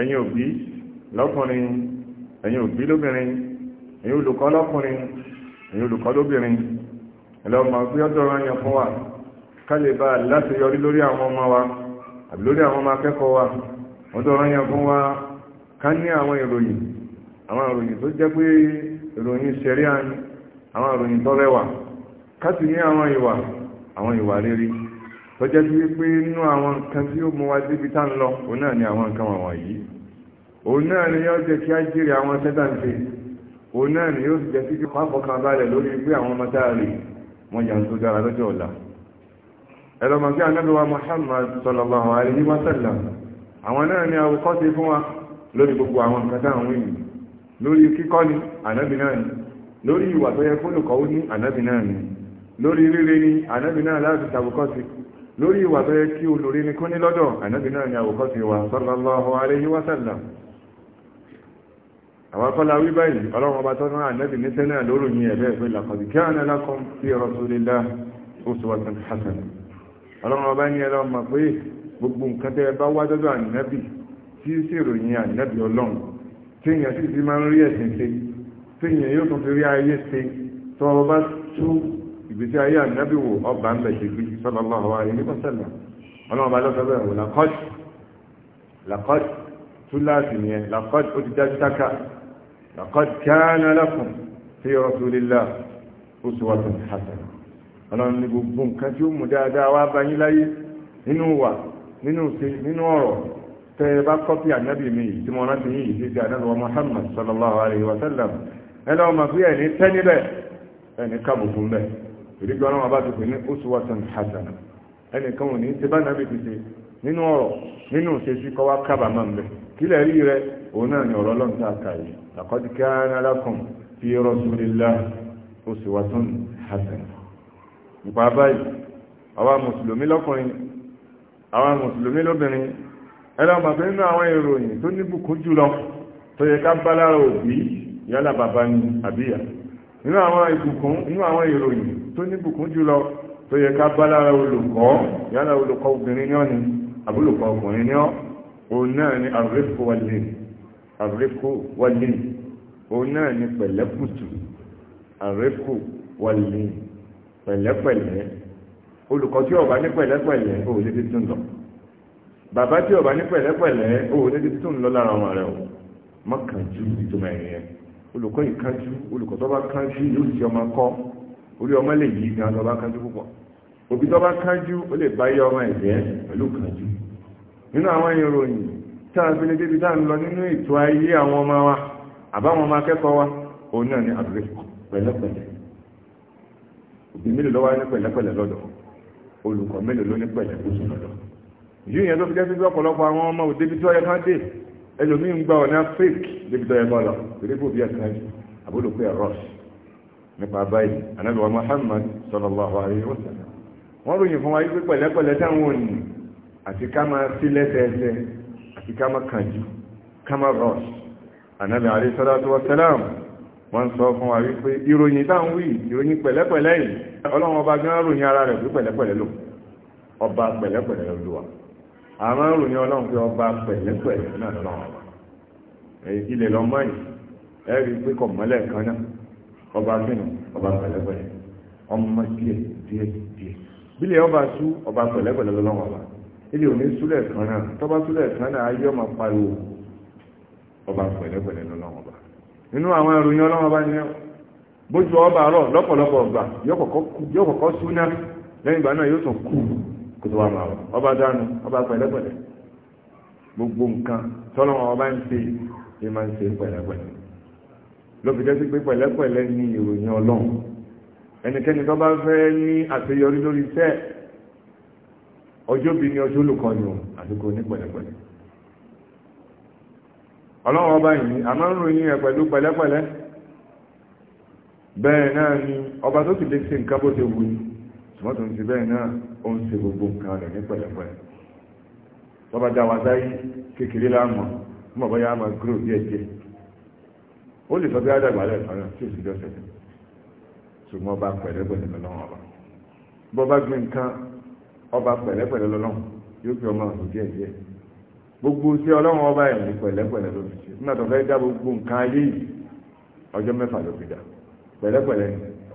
ẹ̀yin òbí lọ́kùnrin ẹ̀yin òbí lóbìnrin ẹ̀yin olùkọ́ lọ́kùnrin ẹ̀yin olùkọ́ lóbìnrin ẹlọ́mọ pé ọjọ́ rányàn fún wa kálẹ̀ bá láti yọrí lórí àwọn ọmọ wa àbí lórí àwọn ọmọ akẹ́kọ̀ọ́ wa ọjọ́ rányàn fún wa ká ní àwọn ìròyìn àwọn ìròyìn tó jẹ́ pé ìròyìn ṣẹ̀ríà ni àwọn ìròyìn tó rẹwà ká sì ní àwọn ìwà àwọn ìwà rere tọ́jẹ́ sí wípé inú àwọn nǹkan tí ó mú wa débi tá ń lọ òun náà ni àwọn nǹkan wọ̀n yìí òun náà ni yóò jẹ́ kí á jèrè àwọn sẹ́tàǹtì òun náà ni yóò jẹ́ sí kí wọ́n fọkàn balẹ̀ lórí pé àwọn ọmọ táà rè wọ́n jà ń tó dára lọ́jọ́ ọ̀la ẹlọ́mọ sí anábíwá Muhammad sallallahu alaihi wa sallam àwọn náà ni àwòkọ́ ti fún wa lórí gbogbo àwọn nǹkan táwọn wí yìí lórí kíkọ́ ni ànábì náà ni lórí ìwà tó yẹ fún olùkọ́ ní ànábì náà ni lórí rere ni ànábì náà láti tàbùkọ́ sí lórí ìwà tó yẹ kí olórí ní kún ní lọ́dọ̀ ànábì náà ni àwòkọ́sí wa sallallahu alayhi wa sallam àwọn akọ́lá wí báyìí ọlọ́run ọba tọ́nà ànábì ní sẹ́nà lórí yìí ẹ̀bẹ́ ìpé laqad kana lakum fi rasulillah ìgbésí ayé ànábì wò ọba ń bẹ̀ ṣe gbé sallallahu alaihi wa sallam ọlọ́run bá lọ́sọ̀ bẹ́ẹ̀ wò làkọ́t làkọ́t túláàsì nìyẹn làkọ́t ó ti dájú sáká làkọ́t kana lakum fi rasulillah uswatun hasana ọlọ́run ní gbogbo nǹkan tí ó mú dáadáa wá bá yín láyé nínú wà nínú ṣe nínú ọ̀rọ̀ tẹ́ ẹ bá kọ́pì ànábì mi yìí tí mo rántí yìí ṣe ti ànábì Muhammad sallallahu alaihi wa sallam ẹ mọ̀ pé ẹni tẹ́ níbẹ̀ ẹni kábùkù ń bẹ̀ ìdíjọ́ ọlọ́wọ́ bá ti pè ní uswatan hasana ẹnìkan ò ní ti bá nàbì ti ṣe nínú ọ̀rọ̀ nínú ìṣesí kọ́wá kábàámọ̀ ń bẹ kílẹ̀ rí rẹ òun náà ni ọ̀rọ̀ ọlọ́run tá a kà yìí laqad kana lakum fi rasulillahi uswatun hasana. nípa báyìí àwa mùsùlùmí lọ́kùnrin àwa mùsùlùmí lóbìnrin ẹlọ́mọ̀ pé nínú àwọn ìròyìn tó ní bùkún jùlọ tó yẹ ká bá lára òbí yálà bàbá ni àbíyà nínú àwọn ìbùkún nínú àwọn ìròyìn tó ní bùkún jùlọ tó yẹ ká bá lára olùkọ́ yálà olùkọ́ obìnrin ní ọ̀nì àbúlùkọ́ ọkùnrin ní ọ́ òun náà ni àrífò wàlẹ̀ àrífò wàlẹ̀ òun náà ni pẹ̀lẹ́kùtù àrífò wàlẹ̀ pẹ̀lẹ́pẹ̀lẹ́ olùkọ́ tí ó bá ní pẹ̀lẹ́pẹ̀lẹ́ ó lè fi tún lọ bàbá tí ó bá ní pẹ̀lẹ́pẹ̀lẹ́ ó lè fi tún lọ lára ọmọ rẹ o mọ́kànjú ìtumọ̀ ẹ̀yẹ olùkọ́ ìkánjú olùkọ́ tó bá kánjú yóò ti ọmọ kọ́ orí ọmọ lè yí gan tó bá kánjú púpọ̀ òbí tó bá kánjú ó lè bá yẹ ọmọ ẹ̀jẹ̀ pẹ̀lú kánjú nínú àwọn ìròyìn tá a fi lè débi tá a ń lọ nínú ètò ayé àwọn ọmọ wa àbáwọn ọmọ akẹ́kọ̀ọ́ wa òun náà ni àdúrà pẹ̀lẹ́pẹ̀lẹ́ òbí mélòó lọ́wọ́ ní pẹ̀lẹ́pẹ̀lẹ́ lọ́dọ̀ olùkọ́ mélòó ló ní pẹ̀lẹ́pẹ̀lẹ́ lọ́dọ̀ yìí yẹn tó fi jẹ́ sí ọ̀pọ̀lọpọ̀ àwọn ọmọ òdébi tó yẹ kán dé ẹlòmíín gba ọ̀nà fake débi tó yẹ kán lọ torí bí ẹ̀ka àbólòpé ẹ̀rọ́ọ̀sì nípa báyìí Ànábì wa Muhammad sallallahu alaihi wa sallam wọ́n ròyìn fún wa yí pé pẹ̀lẹ́pẹ̀lẹ́ táwọn òní àti ká máa sí lẹ́sẹẹsẹ àti ká máa kànjú ká máa rush Ànábì alaihi salatu wa salam wọ́n sọ fún wa wípé ìròyìn táwọn wí ìròyìn pẹ̀lẹ́pẹ̀lẹ́ yìí ọlọ́run ọba gan ròyìn ara rẹ̀ pé pẹ̀lẹ́pẹ̀lẹ́ lò ọba pẹ̀lẹ́pẹ̀lẹ́ lò wà àmọ́ ròyìn ọlọ́run pé ọba pẹ̀lẹ́pẹ̀lẹ́ náà lọ́wọ́ ilẹ̀ lọ́mọ́ yìí ẹ̀rí pé kọ̀ mọ́lẹ̀ kan náà ọba kínú ọba pẹ̀lẹ́pẹ̀lẹ́ ọmọ díẹ̀ díẹ̀ díẹ̀ bílẹ̀ ọba sú ọba pẹ̀lẹ́pẹ̀lẹ́ lọ́wọ́ ọba ilé òní súlẹ̀ kan náà tọ́ba súlẹ̀ kan náà ayé ọmọ pariwo ọba pẹ̀lẹ́pẹ̀lẹ́ lọ́wọ́ ọba nínú àwọn ìròyìn ọlọ́wọ́ ọba nìyẹn bójú ọba rọ lọ́pọ̀lọpọ̀ ọgbà yóò kọ́kọ́ súná lẹ́yìn ìgbà náà yóò tún kú kò tó wà máa ọba dánú ọba pẹ̀lẹ́pẹ̀lẹ́ gbogbo nǹkan tọ́lọ́wọ́ ọba ń ṣe é máa ń ṣe pẹ̀lẹ́pẹ̀lẹ́ ló fi jẹ́ sí pé pẹ̀lẹ́pẹ̀lẹ́ ní ìròyìn ọlọ́run ẹnikẹ́ni tó bá fẹ́ ní àṣeyọrí lórí iṣẹ́ ọjọ́ bí ní ọjọ́ olùkọ́ni o àdúgbò ní pẹ̀lẹ́pẹ̀lẹ́ ọlọ́run ọba yìí a máa ń ròyìn ẹ̀ pẹ̀lú pẹ̀lẹ́pẹ̀lẹ́ bẹ́ẹ̀ náà ni ọba tó ti lè ṣe nǹkan bó ṣe wù ní ṣùgbọ́n tó ń ti bẹ́ẹ̀ náà ó ń ṣe gbogbo nǹkan rẹ̀ ní pẹ̀lẹ́pẹ̀lẹ́ tọ́ba dá wa sáyé kékeré láàmú mọ̀ bọ́yá máa gúrò díẹ̀ díẹ̀ ó lè sọ bí ádàgbà lẹ́ẹ̀kan náà tí ò sí dọ́sẹ̀ ṣùgbọ́n ọba pẹ̀lẹ́pẹ̀lẹ́ lọ́lọ́run ọba bọ́ bá gbé nǹkan ọba pẹ̀lẹ́pẹ̀lẹ́ lọ́lọ́run yóò fi ọmọ àtò díẹ̀ díẹ̀ gbogbo sí ọlọ́run ọba ẹ̀mí pẹ̀lẹ́pẹ̀lẹ́ ló fi ṣe nígbà tó fẹ́ dá gbogbo nǹkan ayé yìí ọjọ́ mẹ́fà ló fi dá pẹ̀lẹ́pẹ̀lẹ́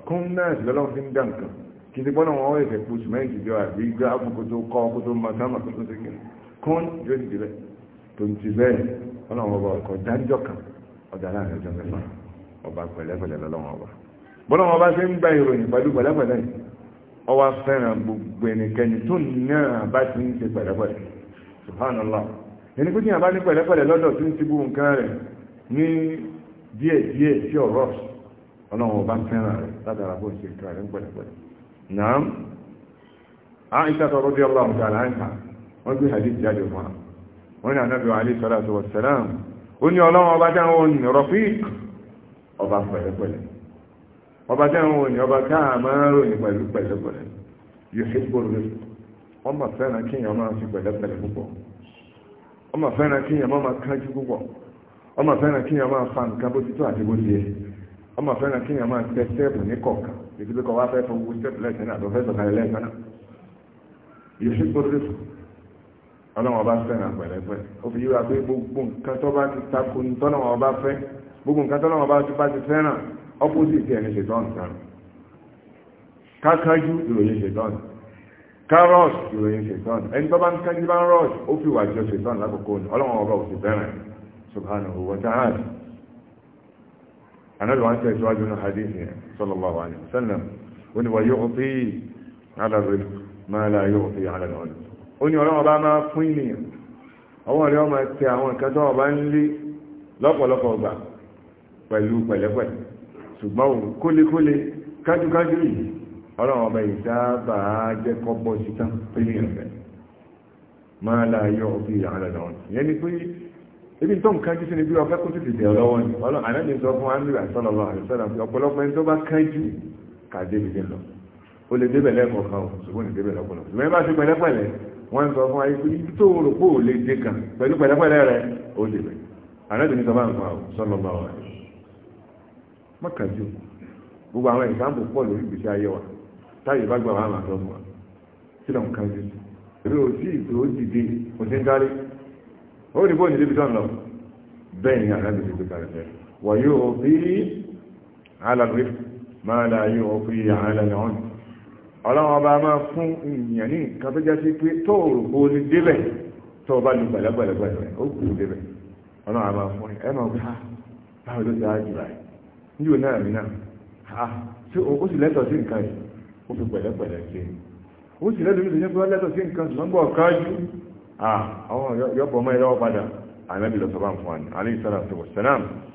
kún náà sí lọ́lọ́run fi ń dá nǹkan kì í ti gbọ́dọ̀ wọn ẹ̀fẹ̀ kú sùmẹ́ǹtì jọ àbí gbá kókó tó kọ́ kó tó tó ṣe kún yóò ti di bẹ́ẹ̀ tó ń ti bẹ́ẹ̀ ọlọ́run ọba ọkọ̀ dájọ́ kan ọ láàrin ọjọ́ mẹ́fà ọba pẹ̀lẹ́pẹ̀lẹ́ ọba bọ́lá bá ṣe ń gba ìròyìn pẹ̀lú pẹ̀lẹ́pẹ̀lẹ́ ọwá fẹ́ràn gbogbo ẹnikẹ́ni tó náà bá ti ń ṣe pẹ̀lẹ́pẹ̀lẹ́ ẹni pé tí a bá ní pẹ̀lẹ́pẹ̀lẹ́ lọ́dọ̀ tí ń nǹkan rẹ̀ ní díẹ̀ díẹ̀ ọ̀rọ̀ fẹ́ràn rẹ̀ látara bó ṣe rẹ̀ pẹ̀lẹ́pẹ̀lẹ́ náà ọlọ́run wọ́n gbé hadith jáde fún wa wọ́n ní alẹ́ ó ní ọlọ́run ọba táwọn ò ní rọ̀fíìk ọba pẹ̀lẹ́pẹ̀lẹ́ ọba táwọn ò ní ọba táwọn máa ń ròyìn pẹ̀lú pẹ̀lẹ́pẹ̀lẹ́ yóò ṣe gbòòrò wọ́n máa fẹ́ràn kíyàn máa fi pẹ̀lẹ́pẹ̀lẹ́ púpọ̀ wọ́n fẹ́ràn kíyàn máa kájú púpọ̀ wọ́n fẹ́ràn kíyàn máa fa nǹkan bó ti tó àti bó ti yẹ wọ́n fẹ́ràn kíyàn máa tẹ sẹ́ẹ̀pù ní kọ̀ọ̀kan ètò bí wá fẹ́ fọwọ́ sẹ́ẹ̀pù lẹ́sẹ̀ náà tó fẹ́ sọ̀kalẹ̀ lẹ́sẹ̀ náà yóò ṣe gbòòrò ọlọ́wọ́n bá fẹ́ràn pẹ̀lẹ́pẹ́ ó fi yíra pé gbogbo nǹkan tó bá ti takò ní tọ́lọ́wọ́n bá fẹ́ gbogbo nǹkan tọ́lọ́wọ́n bá ti bá ti fẹ́ràn ọ́pọ́sìtì ẹni ṣètọ́nù kan kákájú ìròyìn ṣètọ́nù kárọ́ọ̀sì ìròyìn ṣètọ́nù ẹni tó bá ń kájú bá ń rọ́ọ̀sì ó fi wà jọ ṣètọ́nù lákòókò ní ọlọ́wọ́n ọba ò sì fẹ́ràn subhanahu wa ta'ala anáàlú wọn tẹ̀síwájú ní hadith yẹn sallallahu alaihi wasallam wọn ni wà yóò fi ala rizq yóò fi ala al ó ní ọlọ́wọ́ bá máa fún ènìyàn ọwọ́ rẹ̀ ọmọ tẹ àwọn nǹkan tó wọ́n bá ń lé lọ́pọ̀lọpọ̀ ọgbà pẹ̀lú pẹ̀lẹ́pẹ̀lẹ́ ṣùgbọ́n òun kólékólé kájúkájú yìí ọlọ́wọ́ ọba ìsáàbà jẹ́ kọ́pọ̀ síta pínlẹ̀ rẹ̀ máa la yọ àwọn ọ̀dọ̀ ìyẹn ni pé ebi tó nǹkan jú sí ni bí ọfẹ́ wọ́n ń sọ fún ayé pé ibi tó rò pé lè dé kan pẹ̀lú pẹ̀lẹ́pẹ̀lẹ́ rẹ̀ ó lè bẹ̀ àrẹ́dùn ní sọ́bà nǹkan sọ́nà bá wà mọ́kànjú gbogbo àwọn ìsáǹpù pọ̀ lórí ìgbésí ayé wa táyé bá gbà wà máa sọ fún wa kí lọ́n kan jù èmi ò sí ìtò ó dìde ń dárí ó ní bóyá níbi tó lọ bẹ́ẹ̀ ni àrẹ́dùn ní sọ́bà rẹ̀ wà yóò ọlọ́run ọba máa fún èèyàn ní nǹkan tó jẹ́ sí pé tó òrùkú ní débẹ̀ tó ọba lu gbàlẹ́gbàlẹ́gbàlẹ́ ó kù ú débẹ̀ ọlọ́run àmà fún ẹ máa gbá báwo ló dáa jù láì níjò náà rí náà ha tí ó sì lẹ́tọ̀ọ́ sí nǹkan yìí ó fi pẹ̀lẹ́pẹ̀lẹ́ ṣe ó sì lẹ́tọ̀ọ́ sí nǹkan lẹ́tọ̀ọ́ sí nǹkan ṣùgbọ́n gbọ́ ọ̀ká jù ah, àwọn yọ̀pọ̀